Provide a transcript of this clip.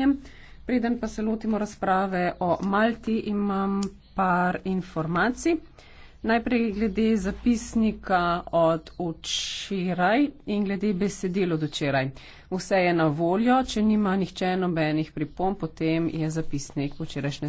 stopnjem. Preden pa se lotimo razprave o Malti, imam par informacij. Najprej glede zapisnika od včeraj in glede besedil od včeraj. Vse je na voljo, če nima nihče nobenih pripomb, potem je zapisnik včerajšnje.